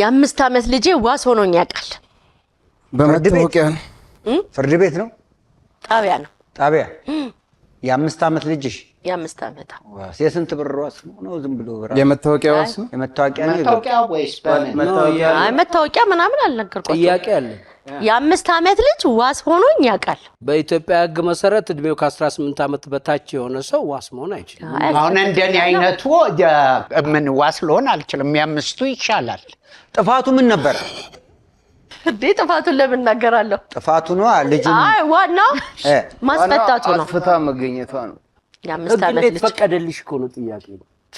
የአምስት ዓመት ልጄ ዋስ ሆኖኝ ያውቃል። በመታወቂያ ፍርድ ቤት ነው ጣቢያ ነው ጣቢያ የአምስት ዓመት ልጅሽ የአምስት ዓመት የስንት ብር ዋስ ነው? ዝም ብሎ የመታወቂያ ዋስ ነው? የመታወቂያ ነው? መታወቂያ ምናምን አልነገርኳቸውም። ጥያቄ አለ። የአምስት ዓመት ልጅ ዋስ ሆኖኝ ያውቃል? በኢትዮጵያ ሕግ መሰረት እድሜው ከ18 ዓመት በታች የሆነ ሰው ዋስ መሆን አይችልም። አሁን እንደኔ አይነቱ ምን ዋስ ልሆን አልችልም። የአምስቱ ይቻላል። ጥፋቱ ምን ነበር? እንዴ ጥፋቱን ለምን እናገራለሁ? ጥፋቱ ነው ልጅ። አይ ዋናው ማስፈታቱ ነው፣ አስፈታ መገኘቷ ነው። የአምስት ዓመት ልጅ ፈቀደልሽ እኮ ነው ጥያቄ።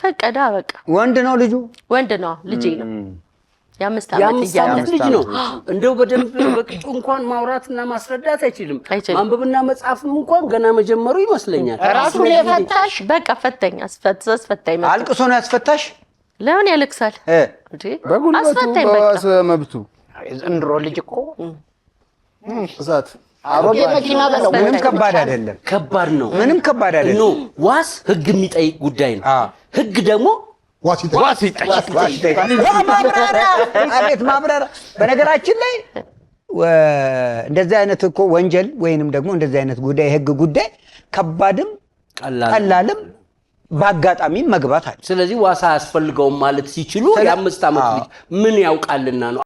ፈቀዳ በቃ። ወንድ ነው ልጁ፣ ወንድ ነው ልጄ ነው። የአምስት ዓመት ልጅ ነው። እንደው በደንብ በቅጡ እንኳን ማውራትና ማስረዳት አይችልም። ማንበብና መጻፍም እንኳን ገና መጀመሩ ይመስለኛል። ራሱን የፈታሽ በቃ ፈተኝ፣ አስፈታኝ። አልቅሶ ነው ያስፈታሽ። ለምን ያለቅሳል? አስፈታኝ በቃ መብቱ የዘንድሮ ልጅ እኮ እሳት መኪና በለው ምንም ከባድ አይደለም። ከባድ ነው። ምንም ከባድ አይደለም። ዋስ ህግ የሚጠይቅ ጉዳይ ነው። ህግ ደግሞ ዋስ ይጠይቃል። በነገራችን ላይ እንደዚህ አይነት እኮ ወንጀል ወይንም ደግሞ እንደዚህ አይነት ጉዳይ የህግ ጉዳይ ከባድም ቀላልም በአጋጣሚም መግባት አለ። ስለዚህ ዋስ አያስፈልገውም ማለት ሲችሉ የአምስት ዓመት ልጅ ምን ያውቃልና ነው።